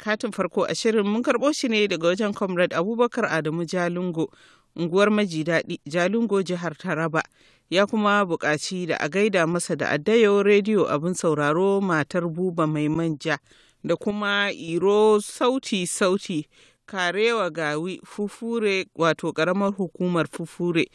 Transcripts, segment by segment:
katin farko a shirin mun karɓo shi ne daga wajen comrade abubakar adamu jalingo unguwar maji daɗi jalingo jihar taraba ya kuma buƙaci da a gaida masa da addayo rediyo abin sauraro matar buba mai manja da kuma iro sauti sauti Karewa Gawi Fufure wato ƙaramar hukumar Fufure.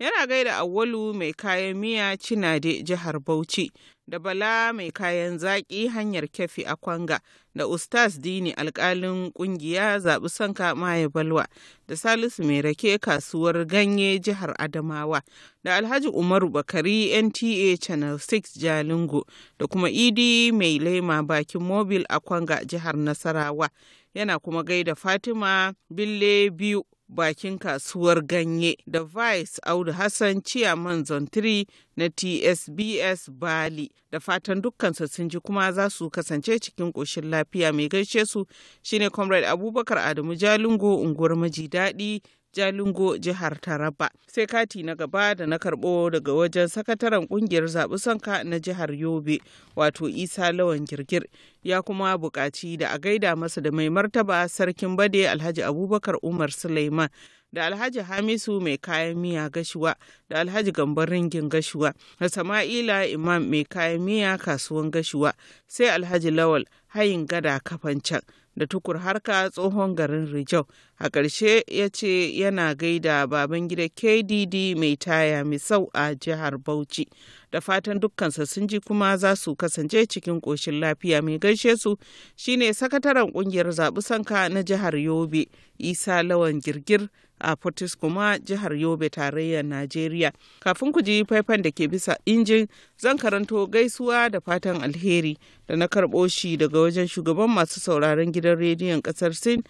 Yana gaida Awwalu mai kayan miya Cinade jihar Bauchi da Bala mai kayan zaƙi hanyar Kefi a Kwanga da Ustaz Dini alkalin ƙungiya zaɓi sanka Maye Balwa da Salisu mai rake kasuwar ganye jihar Adamawa da Alhaji Umaru Bakari NTA Channel 6 Jalingo da kuma Idi e mai laima bakin mobil a Kwanga jihar Nasarawa. yana kuma gaida Fatima Bille biyu bakin kasuwar ganye da vice audu hassan ciyaman zontiri na tsbs bali da fatan dukkansa sun ji kuma za su kasance cikin ƙoshin lafiya mai gaishe su shine comrade abubakar adamu jalingo unguwar maji daɗi Jalingo jihar Taraba. Sai kati na gaba da na karɓo daga wajen sakataren ƙungiyar zaɓi sanka na jihar Yobe wato Isa Lawan Girgir ya kuma buƙaci da a gaida masa da mai martaba sarkin bade Alhaji Abubakar Umar Suleiman. da alhaji hamisu mai kayan miya gashuwa da alhaji gambar ringin gashuwa da sama'ila imam mai kayan miya kasuwan gashuwa sai alhaji lawal hayin gada kafancan da tukur harka tsohon garin Rijau. A ƙarshe ya ce yana gaida baban gida KDD mai taya misau a jihar Bauchi. Da fatan dukkansa sun ji kuma za su kasance cikin ƙoshin lafiya mai gaishe su shine sakataren ƙungiyar zaɓi sanka na jihar Yobe Isa Lawan Girgir a Fortis kuma jihar Yobe tarayyar Najeriya. Kafin ku ji faifan da ke bisa injin zan karanto gaisuwa da fatan alheri da na karɓo shi daga wajen shugaban masu sauraron gidan rediyon ƙasar Sin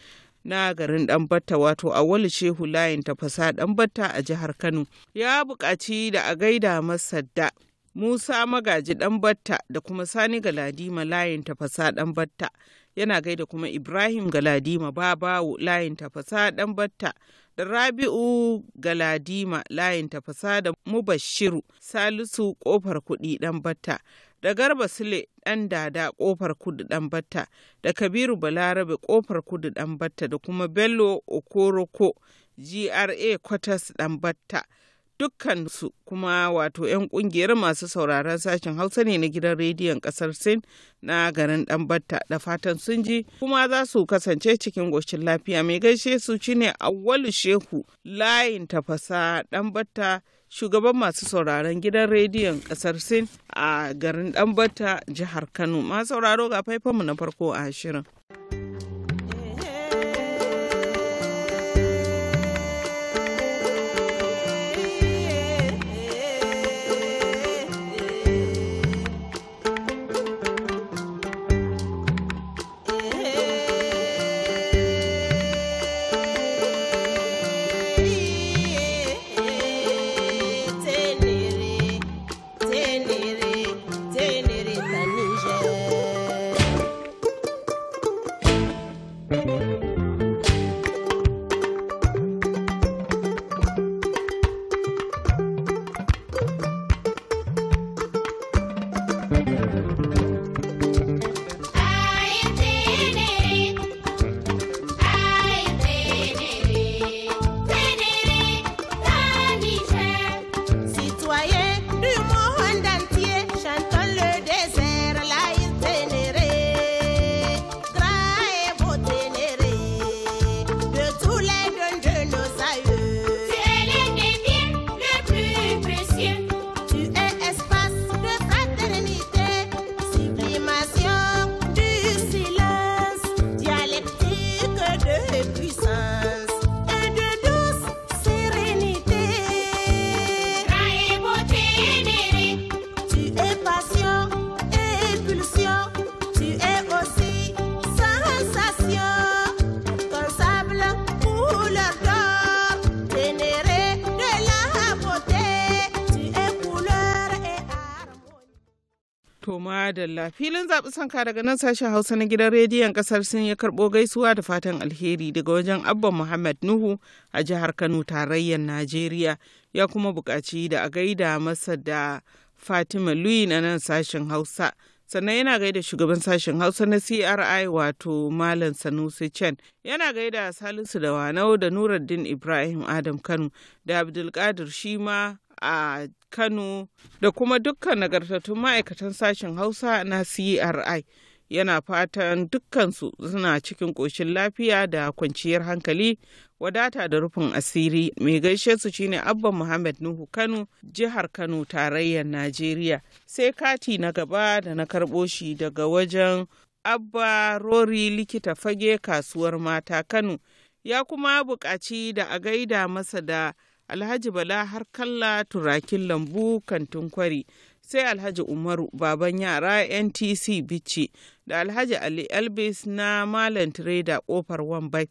na garin Ɗanbatta wato a wali Shehu Layin Tafasa Ɗanbatta a jihar Kano. Ya buƙaci da a gaida masa da Musa Magaji Ɗanbatta da kuma Sani Galadima Layin Tafasa Ɗanbatta. Yana gaida kuma Ibrahim Galadima babawu Layin Tafasa Ɗanbatta da Rabi'u Galadima layin tafasa da Mubashiru Salisu kofar kuɗi ɗan batta da Garba Sule ɗan dada kofar kudu ɗan batta da Kabiru Balarabe kofar kudu ɗan batta da kuma Bello Okoroko GRA kwatas ɗan batta. dukkansu kuma wato 'yan kungiyar masu sauraron sashen hausa ne na gidan rediyon kasar sin na garin ɗanbatta da fatan sun ji kuma za su kasance cikin goshin lafiya mai gaishe su ne awwalu shehu layin tafasa ɗanbatta shugaban masu sauraron gidan rediyon kasar sin a garin ɗanbatta jihar kano masu sauraro ga faifanmu na farko a shirin. madalla filin zaɓi sanka daga nan sashen hausa na gidan rediyon ƙasar sun ya karɓo gaisuwa da fatan alheri daga wajen abba muhammad nuhu a jihar kano tarayyar najeriya ya kuma buƙaci da a gaida masa da fatima lui na nan sashen hausa sannan yana gaida shugaban sashen hausa na cri wato malam sanusi chen yana gaida salisu da wanau da nuruddin ibrahim adam kano da abdulkadir shima a Kano da kuma dukkan nagartattun ma'aikatan sashen Hausa na CRI. Yana fatan dukkansu suna cikin ƙoshin lafiya da kwanciyar hankali, wadata da rufin asiri. Mai gaishe su shine Abba Muhammad Nuhu Kano, jihar Kano, tarayyar Najeriya. Sai kati na gaba da na karɓo shi daga wajen Abba Rori likita fage kasuwar mata Kano. Ya kuma buƙaci da a gaida masa da alhaji bala har kalla turakin lambu kantin kwari sai alhaji umaru baban yara ntc bici da alhaji ali elbis na malam trader kofar wambai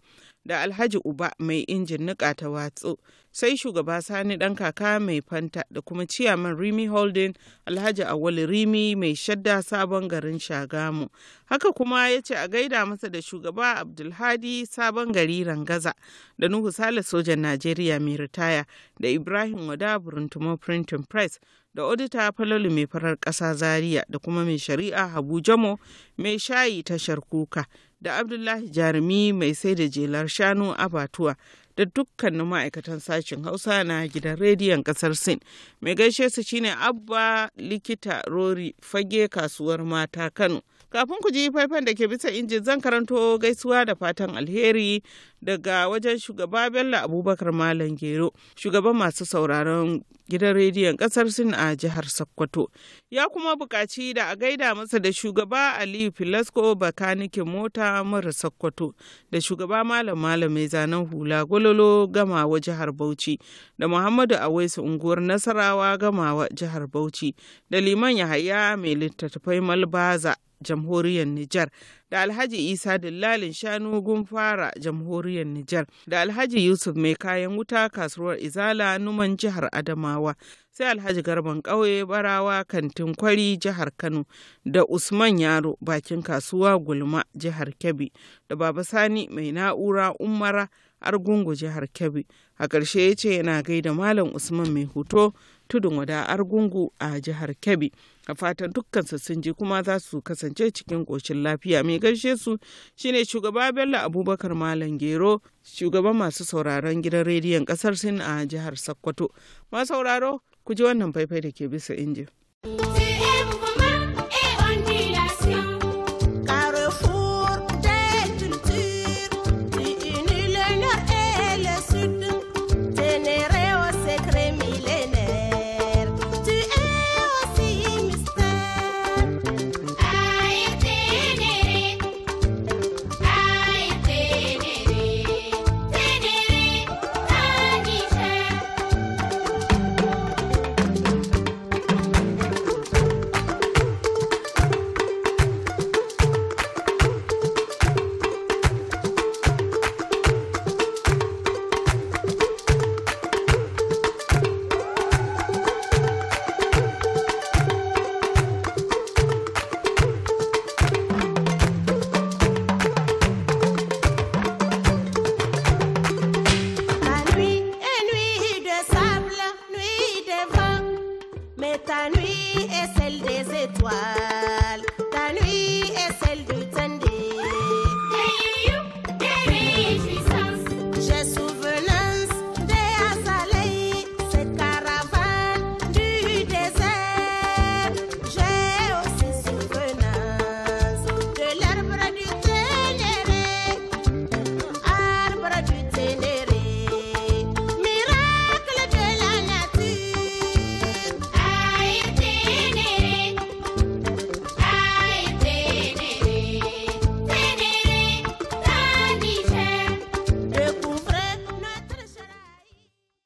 da alhaji uba mai injin nika ta watsu sai shugaba sani dan kaka mai fanta da kuma ciyaman rimi holding alhaji awali rimi mai shadda sabon garin shagamu haka kuma ya ce a gaida masa da shugaba abdulhadi sabon gari rangaza da nuhu sale sojan najeriya mai ritaya da ibrahim wada buruntumo printing press da odita falalu mai farar ƙasa zaria da kuma mai shari'a habu jamo mai shayi tashar kuka da abdullahi jarumi mai sai da jelar shanu abatuwa da dukkanin ma'aikatan sashen hausa na gidan rediyon kasar sin mai gaishe su shine abba likita rori fage kasuwar mata kano Kafin ku ji faifan da ke bisa injin zan karanto gaisuwa da fatan alheri daga wajen shugaba Bello Abubakar Malam Gero, shugaban masu sauraron gidan rediyon kasar Sin a jihar Sokoto. Ya kuma buƙaci da a gaida masa da shugaba Aliyu Filasko bakanikin mota mara Sokoto da shugaba Malam Malam mai zanen hula Gololo gamawa jihar Bauchi da Muhammadu Awaisu unguwar Nasarawa gamawa jihar Bauchi da Liman Yahaya mai littattafai Malbaza jamhuriyar Nijar da Alhaji Isa Dillalin Shanu Gunfara jamhuriyar Nijar da Alhaji Yusuf mai kayan wuta kasuwar Izala Numan jihar Adamawa sai Alhaji Garban ƙauye Barawa kantin kwari jihar Kano da Usman Yaro bakin kasuwa Gulma jihar Kebbi da Baba Sani mai na'ura umara Argungu jihar Kebbi a ƙarshe ya ce yana gaida Malam Usman mai hoto tudun wada Argungu a jihar Kebbi. a fatan dukkan sun ji kuma za su kasance cikin ƙoshin lafiya mai gaishe su shine shugaba bello abubakar malam gero shugaban masu sauraron gidan rediyon kasar sin a jihar sokoto ma sauraro ku ji wannan faifai da ke bisa injin.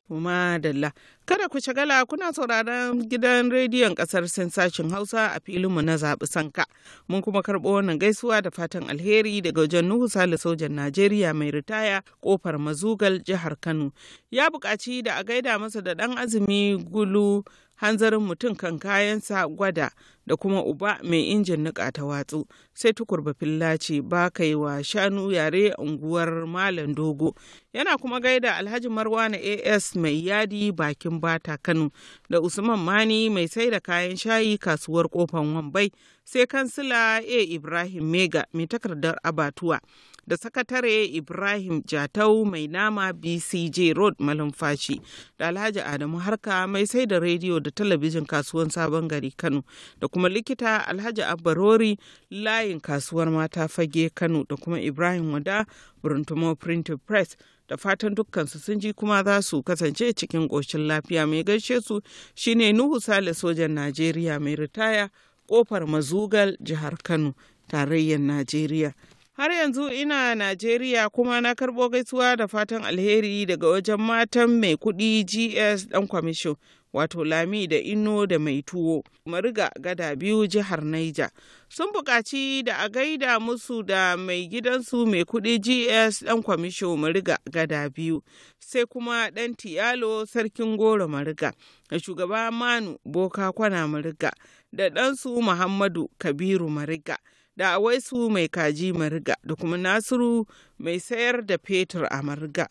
Madalla. Kada ku shagala kuna sauraron gidan rediyon kasar sashen Hausa a filinmu na zaɓi sanka. Mun kuma karɓo wannan gaisuwa da fatan alheri daga wajen Nuhu Sale sojan Najeriya mai ritaya kofar Mazugal jihar Kano. Ya buƙaci da a gaida masa da ɗan azumi gulu hanzarin mutum kan kayansa gwada da kuma uba mai injin niƙa ta watsu sai tukurba fillaci ba kai wa shanu yare unguwar malam dogo yana kuma gaida alhaji marwana as mai yadi bakin bata kano da usman mani mai sai da kayan shayi kasuwar kofan wambai sai kansila a ibrahim mega mai takardar abatuwa da sakatare Ibrahim Jatau mai nama BCJ Road Malumfashi da Alhaji Adamu Harka mai sai da rediyo da talabijin kasuwan Sabon Gari Kano da kuma likita Alhaji Abbarori layin kasuwar mata fage Kano da kuma Ibrahim Wada Burntumo Printing Press da fatan dukkansu sun ji kuma za su kasance cikin ƙoshin lafiya mai gaishe su shine Nuhu Sale sojan Najeriya mai ritaya kofar mazugal jihar Kano tarayyar Najeriya. Har yanzu ina Najeriya kuma na karɓo gaisuwa da fatan alheri daga wajen matan mai kuɗi GS ɗan kwamishin wato lami da ino da mai tuwo mariga gada biyu jihar naija sun buƙaci da a gaida musu da mai gidansu mai kuɗi gs ɗan kwamisho mariga gada biyu sai kuma ɗan tiyalo sarkin goro mariga da shugaba manu boka kwana mariga da ɗansu muhammadu kabiru mariga da awaisu mai kaji mariga da kuma nasiru mai sayar da fetur a mariga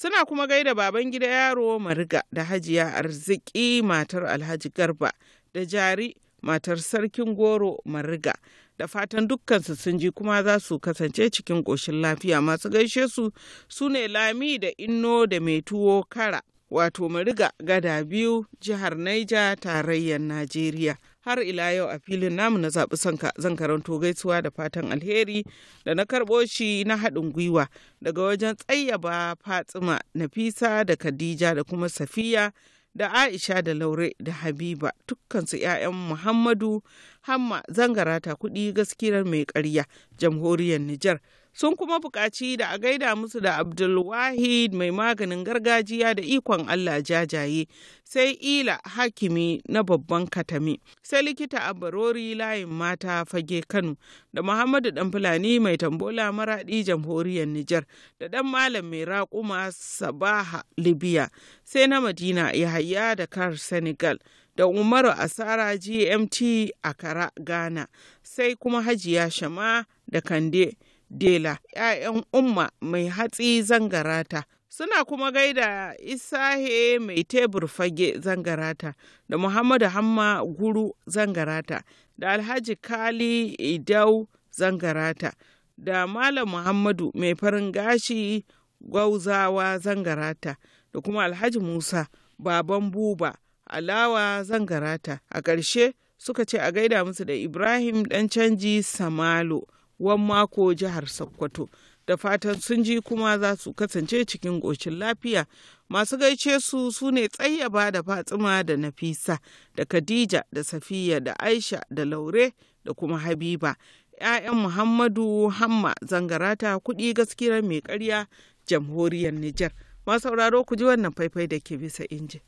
Suna kuma gaida baban gida yaro mariga da hajiya arziki matar Alhaji Garba da jari matar sarkin goro mariga. Da fatan dukkansu sun ji kuma za su kasance cikin ƙoshin lafiya masu gaishe su su ne lami da inno da mai tuwo kara wato mariga gada biyu jihar Naija tarayyar Najeriya. har ila yau a filin namu na zaɓi sanka zan karanto gaisuwa da fatan alheri da na karɓo shi na haɗin gwiwa daga wajen tsayyaba fatsima nafisa da khadija da kuma safiya da aisha da laure da habiba dukkansu 'ya'yan muhammadu hamma zangarata kuɗi gaskiyar mai ƙarya jamhuriyar nijar sun kuma buƙaci da a gaida musu da abdulwahid mai maganin gargajiya da ikon allah jajaye sai ila hakimi na babban katami sai likita a barori layin mata fage kano da muhammadu dan fulani mai tambola maraɗi jamhuriyar nijar da ɗan malam mai raƙuma sabaha libya sai na madina yahaya da kar senegal da umaru asara gmt a kara ghana sai kuma hajiya shama da kande dela 'ya'yan umma mai hatsi zangarata suna kuma gaida isahe mai tebur fage zangarata da muhammadu hamma guru zangarata da alhaji kali idau zangarata da malam muhammadu mai farin gashi gwauzawa zangarata da kuma alhaji musa baban buba alawa zangarata a ƙarshe suka ce a gaida musu da ibrahim dan canji samalo wan mako jihar Sokoto. Da fatan sun ji kuma za su kasance cikin goshin lafiya. Masu gaice su su ne tsayyaba da Fatsima da Nafisa da Khadija da Safiya da Aisha da Laure da kuma Habiba. 'Ya'yan Muhammadu Hamma zangarata kuɗi gaskiyar mai ƙarya jamhuriyar Nijar. Ma sauraro ku ji wannan faifai da ke bisa injin.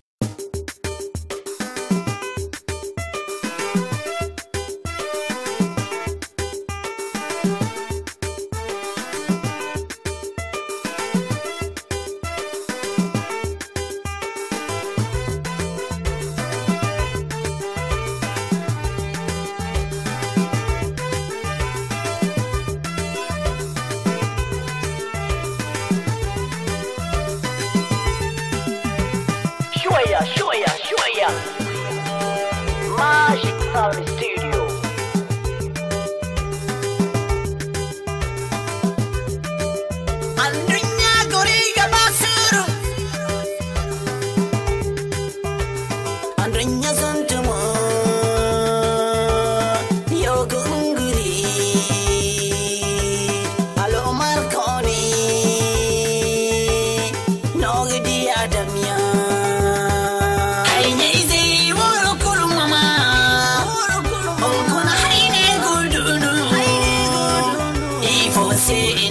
My.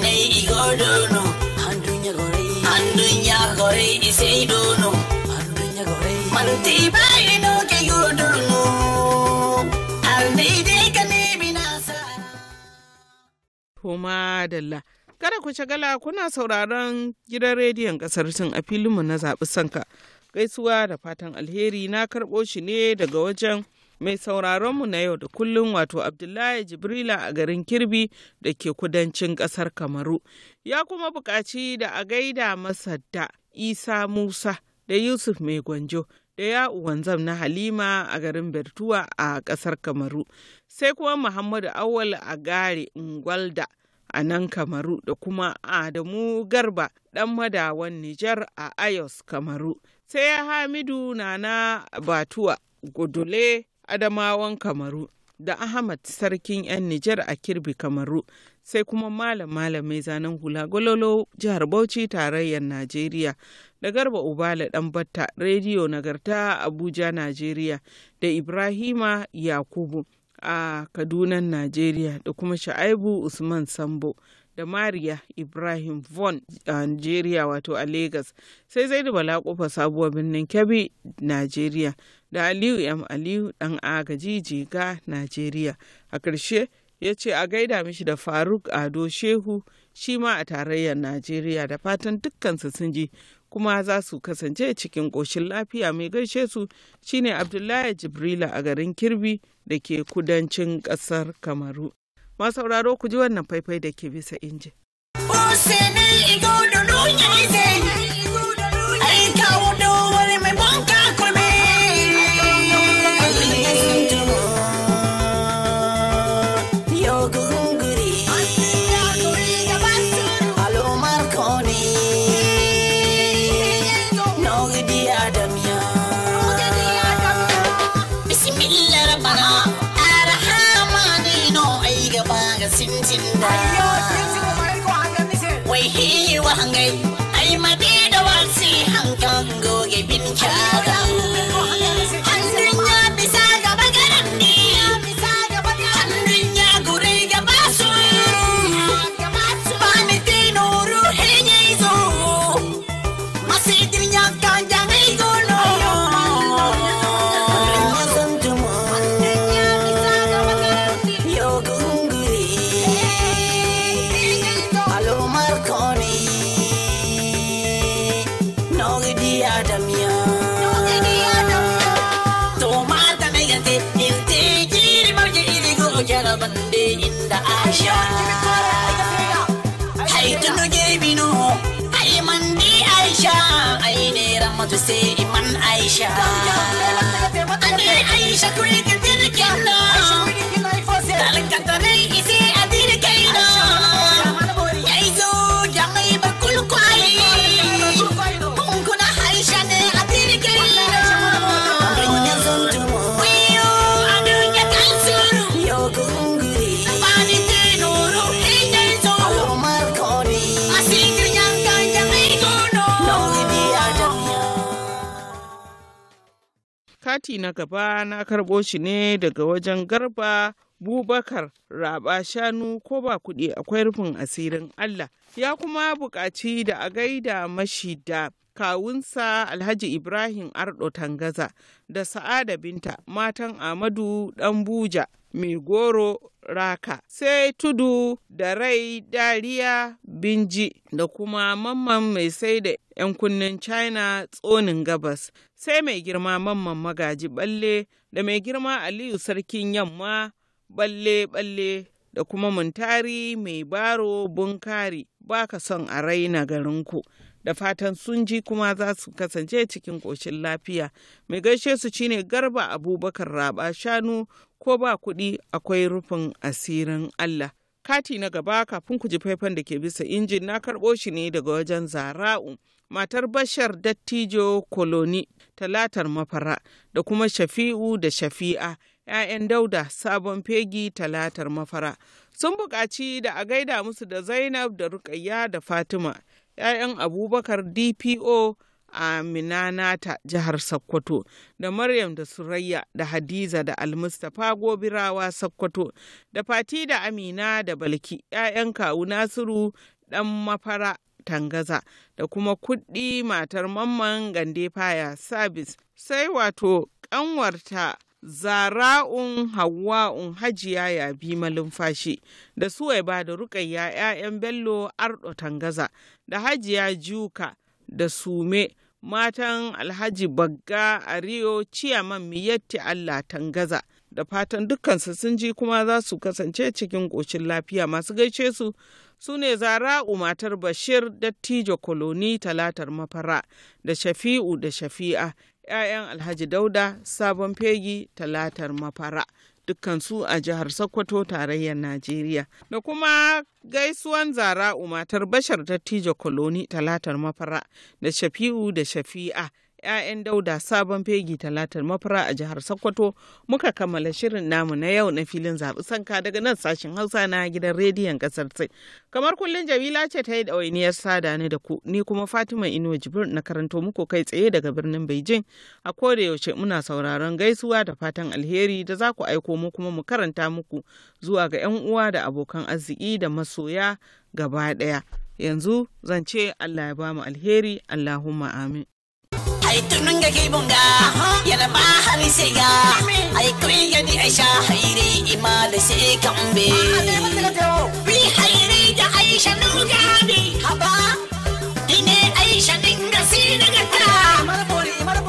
nay igodono handunya gore handunya gore iseidono handunya gore manti baino ke yodono alni dai kane binasa kuma dalla kada ku shagala kuna sauraron gidan rediyon kasar tun a filinmu na zaɓi sanka gaisuwa da fatan alheri na karɓo shi ne daga wajen mai sauraronmu na yau da kullun wato Abdullahi Jibrila a garin Kirbi da ke kudancin ƙasar Kamaru. Ya kuma buƙaci da a gaida masa da Isa Musa da Yusuf Mai Gwanjo da ya wanzam na Halima a garin Bertuwa a ƙasar Kamaru. Sai kuma Muhammadu Awal a gare Ngwalda a nan Kamaru da kuma Adamu Garba ɗan madawan Nijar a Ayos Kamaru. Sai Hamidu Nana Batuwa Gudule Adamawan Kamaru da Ahmad Sarkin 'yan Nijar a Kirbi Kamaru sai kuma malam malamai mai zanen hula gololo jihar Bauchi tarayyar Najeriya da Garba Ubala dan Batta rediyo nagarta Abuja Najeriya da Ibrahima Yakubu a Kaduna Najeriya da kuma Sha'aibu Usman Sambo. da Mariya Ibrahim Von a Nigeria wato a Lagos sai zai da bala sabuwar birnin Kebbi Najeriya. da Aliyu M. Aliyu ɗan agaji jiga Najeriya. A ƙarshe ya ce a gaida mishi da Faruk Ado Shehu shi ma a tarayyar Najeriya da fatan dukkansu sun ji kuma za su kasance cikin ƙoshin lafiya mai gaishe su shine Abdullahi Jibrila a garin Kirbi da ke kudancin ƙasar Kamaru. Masauraro ku ji wannan faifai da ke bisa injin. Aisha kati na gaba na karɓo shi ne daga wajen garba bubakar raba shanu ko ba kuɗi akwai rufin asirin allah ya kuma buƙaci da a gaida mashi da kawunsa alhaji ibrahim ardo tangaza da sa'ada binta matan amadu ɗanbuja mai goro raka sai tudu da rai dariya binji da kuma mamman mai sai da 'yan kunnen china tsonin gabas sai mai girma mamman magaji balle da mai girma aliyu sarkin yamma balle balle da kuma muntari mai baro bunkari baka son a raina garinku da fatan sun ji kuma za su kasance cikin ƙoshin lafiya mai gaishe su shine garba abubakar raba shanu ko ba kuɗi akwai rufin asirin allah kati na gaba kafin ku ji faifan da ke bisa injin na karɓo shi ne daga wajen zara'u matar bashar dattijo koloni talatar mafara da kuma shafi'u da shafi'a 'ya'yan dauda sabon fegi talatar mafara sun buƙaci da a gaida musu da zainab da rukayya da fatima 'ya'yan abubakar dpo a ta jihar Sokoto da Maryam da Surayya da Hadiza da Almustapha Gobirawa Sokoto da Fati da Amina da Balki 'ya'yan kawu Nasiru dan mafara tangaza da kuma kuɗi matar mamman gande faya sabis sai wato ƙanwarta zara'un hawa'un hajiya ya bi malumfashi da suwai ba da rukayya 'ya'yan bello ardo tangaza da hajiya juka da sume matan alhaji bagga a rio ciyaman miyatti allah tangaza da fatan dukkansu sun ji kuma za su kasance cikin ƙoshin lafiya masu gaishe su su ne zara'u matar bashir dattijo koloni talatar mafara da shafi'u da shafi'a 'ya'yan alhaji dauda sabon fegi talatar mafara dukkansu a jihar Sokoto tarayyar Najeriya. Da kuma gaisuwan zara'u matar bashar dattijo koloni talatar mafara da shafi'u da shafi'a 'ya'yan dauda sabon fegi talatar mafara a jihar sokoto muka kammala shirin namu na yau na filin zaɓi sanka daga nan sashen hausa na gidan rediyon ƙasar sai kamar kullum jamila ce ta yi ɗawainiyar sada ni da ku ni kuma fatima inuwa jibir na karanto muku kai tsaye daga birnin beijing a koda yaushe muna sauraron gaisuwa da fatan alheri da za ku aiko mu kuma mu karanta muku zuwa ga 'yan uwa da abokan arziki da masoya gaba ɗaya yanzu zan ce allah ya bamu alheri allahumma amin ay tununga kibunga yana ba har siga ay kuyi gadi aisha hairi imal sai kambe bi hairi da aisha nuga bi haba ine aisha dinga sinaga ta marbori marbori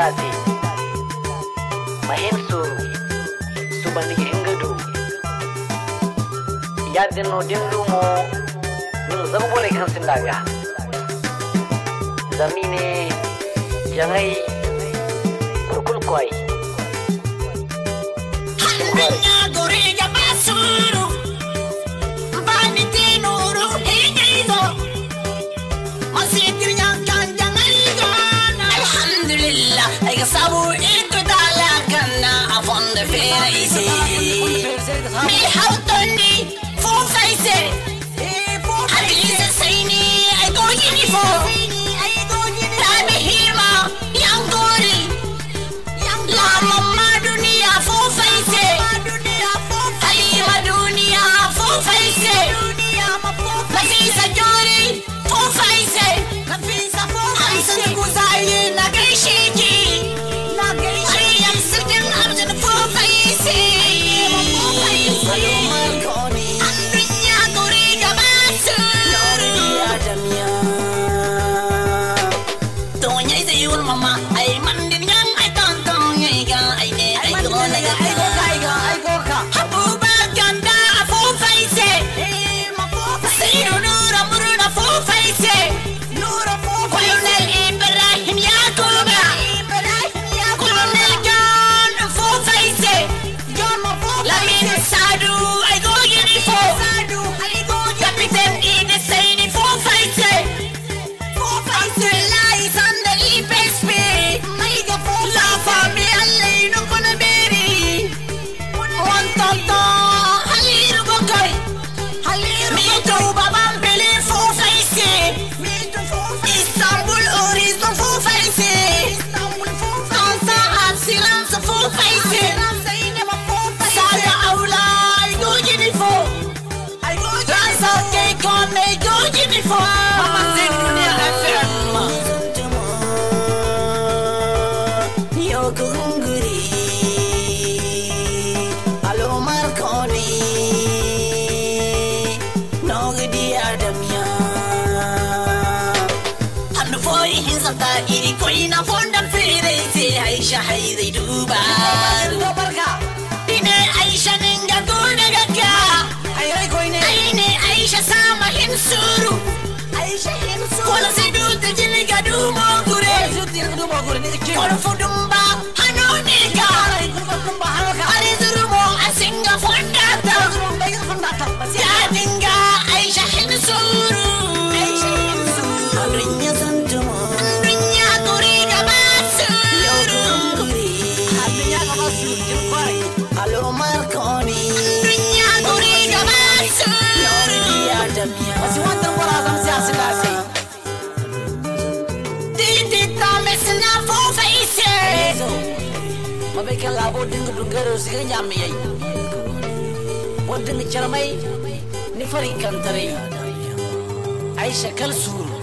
Ya Mahim no Subani Ingadu, Yadin Odin Lumo, Yin Zangole Kansin Daga, Zamine, Jangai, Kurkulkwai. Hannun ya gori crazy. Me how know. 我的副中吧。aadeeroo siganyaamiyay waddani jarmay nifarii kantaray caysha kal suur